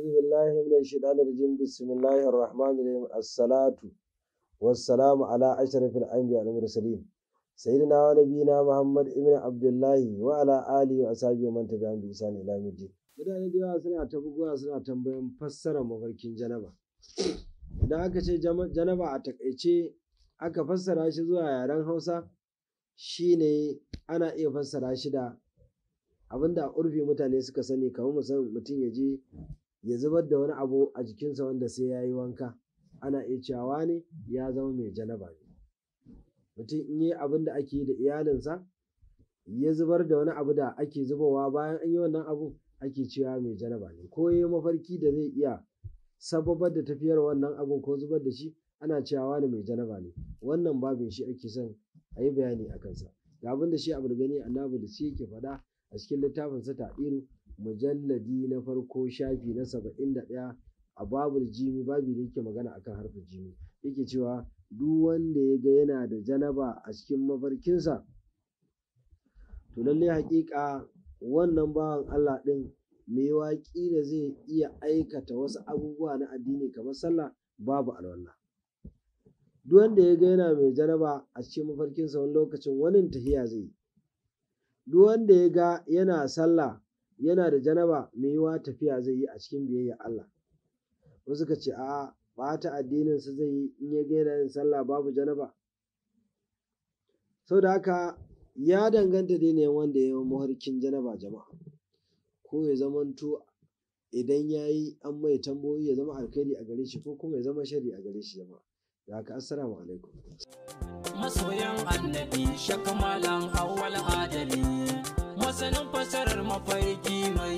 أعوذ بالله من الشيطان الرجيم بسم الله الرحمن الرحيم الصلاة والسلام ala ashrafil الأنبياء والمرسلين سيدنا ونبينا محمد ابن muhammad الله abdullahi آله ala alihi تبعهم بإحسان إلى يوم الدين ihsan mutane da yawa suna ta buguwa suna tambayan fassarar mafarkin janaba idan aka ce janaba a takaice aka fassara shi zuwa yaren hausa shine ana iya fassara shi da abinda a urfi mutane suka sani kamar musamman mutum ya je ya zubar da wani abu a jikinsa wanda sai ya yi wanka ana iya cewa ne ya zama mai janaba ne mutum in yi abin da ake yi da iyalinsa ya zubar da wani abu da ake zubawa bayan an yi wannan abu ake cewa mai janaba ne ko ya yi mafarki da zai iya sababar da tafiyar wannan abu ko zubar da shi ana cewa ne mai janaba ne wannan babin shi ake son a yi bayani a kansa ga abin da shi abu da gani annabi da shi yake faɗa a cikin littafin sa ta'iru mujalladi na farko shafi na saba'in da ɗaya a babul Jimi babi da yake magana akan harfin jimi. yake cewa duk wanda ya ga yana da janaba a cikin mafarkinsa to lalle haƙiƙa wannan bawan Allah ɗin me waƙi da zai iya aikata wasu abubuwa na addini kamar sallah babu alwala duk wanda ya ga yana mai janaba a cikin mafarkinsa wani lokacin wani tahiya zai yi duk wanda ya ga yana sallah yana da janaba mai yiwuwa tafiya zai yi a cikin biyayya Allah wasu suka ce a'a addinin addininsa zai yi in ya gaira yin sallah babu janaba Sau da haka ya danganta da yawan wanda ya yi mafarkin janaba jama'a ko ya to idan ya yi an mai tambayoyi ya zama alkhairi a gare shi ko kuma ya zama shari a gare shi jama'a da haka assalamu alaikum masoyan annabi shakamalan awwal adali masanin fasarar mafarki mai